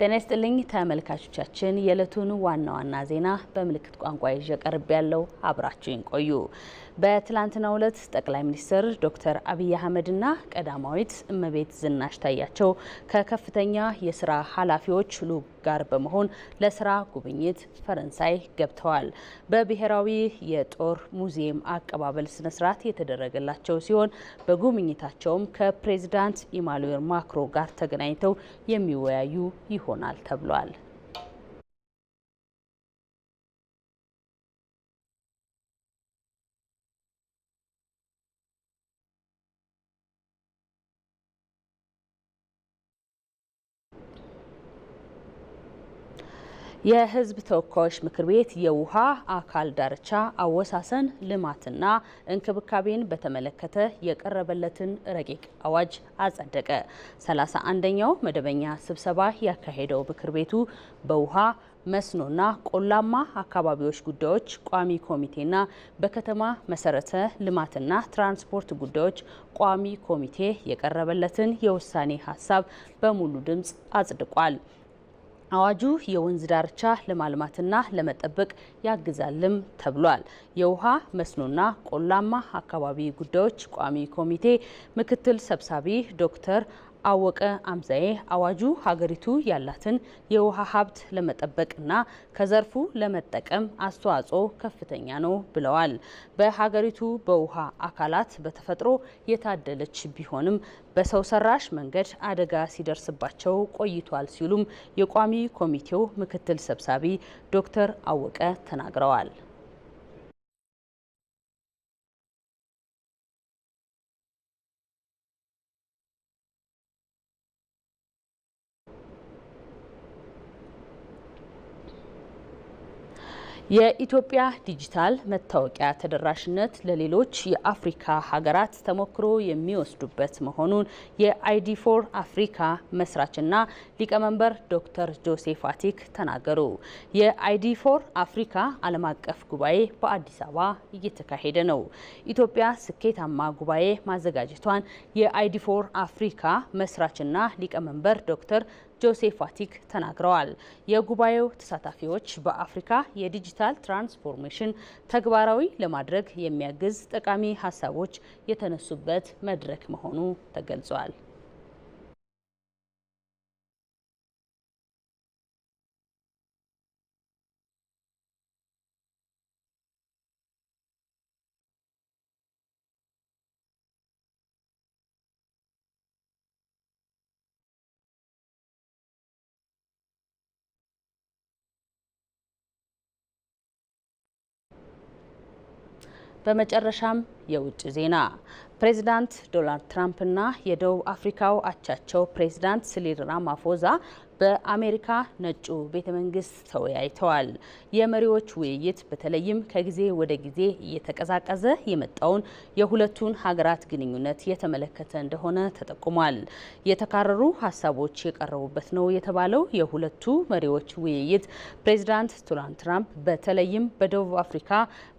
ጤና ይስጥልኝ ተመልካቾቻችን፣ የዕለቱን ዋና ዋና ዜና በምልክት ቋንቋ ይዤ ቀርብ ያለው አብራችሁን ቆዩ። በትላንትናው ዕለት ጠቅላይ ሚኒስትር ዶክተር አብይ አህመድና ቀዳማዊት እመቤት ዝናሽ ታያቸው ከከፍተኛ የስራ ኃላፊዎች ሁሉ ጋር በመሆን ለስራ ጉብኝት ፈረንሳይ ገብተዋል። በብሔራዊ የጦር ሙዚየም አቀባበል ስነ-ስርዓት የተደረገላቸው ሲሆን በጉብኝታቸውም ከፕሬዚዳንት ኢማኑኤል ማክሮ ጋር ተገናኝተው የሚወያዩ ይ። ይሆናል ተብሏል። የህዝብ ተወካዮች ምክር ቤት የውሃ አካል ዳርቻ አወሳሰን ልማትና እንክብካቤን በተመለከተ የቀረበለትን ረቂቅ አዋጅ አጸደቀ። ሰላሳ አንደኛው መደበኛ ስብሰባ ያካሄደው ምክር ቤቱ በውሃ መስኖና ቆላማ አካባቢዎች ጉዳዮች ቋሚ ኮሚቴና በከተማ መሰረተ ልማትና ትራንስፖርት ጉዳዮች ቋሚ ኮሚቴ የቀረበለትን የውሳኔ ሀሳብ በሙሉ ድምፅ አጽድቋል። አዋጁ የወንዝ ዳርቻ ለማልማትና ለመጠበቅ ያግዛልም ተብሏል። የውሃ መስኖና ቆላማ አካባቢ ጉዳዮች ቋሚ ኮሚቴ ምክትል ሰብሳቢ ዶክተር አወቀ አምዛዬ አዋጁ ሀገሪቱ ያላትን የውሃ ሀብት ለመጠበቅና ከዘርፉ ለመጠቀም አስተዋጽኦ ከፍተኛ ነው ብለዋል። በሀገሪቱ በውሃ አካላት በተፈጥሮ የታደለች ቢሆንም በሰው ሰራሽ መንገድ አደጋ ሲደርስባቸው ቆይቷል ሲሉም የቋሚ ኮሚቴው ምክትል ሰብሳቢ ዶክተር አወቀ ተናግረዋል። የኢትዮጵያ ዲጂታል መታወቂያ ተደራሽነት ለሌሎች የአፍሪካ ሀገራት ተሞክሮ የሚወስዱበት መሆኑን የአይዲ ፎር አፍሪካ መስራችና ሊቀመንበር ዶክተር ጆሴፍ አቲክ ተናገሩ። የአይዲ ፎር አፍሪካ ዓለም አቀፍ ጉባኤ በአዲስ አበባ እየተካሄደ ነው። ኢትዮጵያ ስኬታማ ጉባኤ ማዘጋጀቷን የአይዲ ፎር አፍሪካ መስራችና ሊቀመንበር ዶክተር ጆሴፍ አቲክ ተናግረዋል። የጉባኤው ተሳታፊዎች በአፍሪካ የዲጂታል ትራንስፎርሜሽን ተግባራዊ ለማድረግ የሚያግዝ ጠቃሚ ሀሳቦች የተነሱበት መድረክ መሆኑ ተገልጿል። በመጨረሻም የውጭ ዜና ፕሬዚዳንት ዶናልድ ትራምፕና የደቡብ አፍሪካው አቻቸው ፕሬዚዳንት ሲሪል ራማፎዛ በአሜሪካ ነጩ ቤተ መንግስት ተወያይተዋል። የመሪዎች ውይይት በተለይም ከጊዜ ወደ ጊዜ እየተቀዛቀዘ የመጣውን የሁለቱን ሀገራት ግንኙነት የተመለከተ እንደሆነ ተጠቁሟል። የተካረሩ ሀሳቦች የቀረቡበት ነው የተባለው የሁለቱ መሪዎች ውይይት ፕሬዚዳንት ዶናልድ ትራምፕ በተለይም በደቡብ አፍሪካ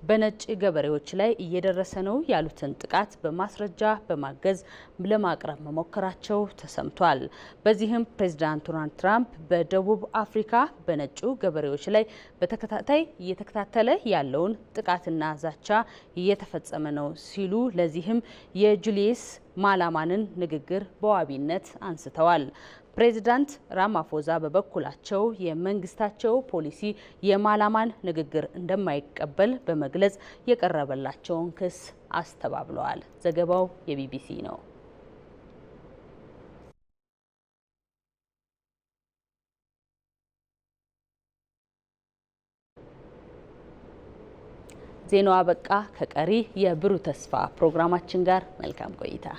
በነጭ ገበሬዎች ላይ እየደረሰ ነው ያሉትን ጥቃት በማ በማስረጃ በማገዝ ለማቅረብ መሞከራቸው ተሰምቷል። በዚህም ፕሬዚዳንት ዶናልድ ትራምፕ በደቡብ አፍሪካ በነጩ ገበሬዎች ላይ በተከታታይ እየተከታተለ ያለውን ጥቃትና ዛቻ እየተፈጸመ ነው ሲሉ ለዚህም የጁሊየስ ማላማንን ንግግር በዋቢነት አንስተዋል። ፕሬዚዳንት ራማፎዛ በበኩላቸው የመንግስታቸው ፖሊሲ የማላማን ንግግር እንደማይቀበል በመግለጽ የቀረበላቸውን ክስ አስተባብለዋል። ዘገባው የቢቢሲ ነው። ዜናዋ በቃ። ከቀሪ የብሩህ ተስፋ ፕሮግራማችን ጋር መልካም ቆይታ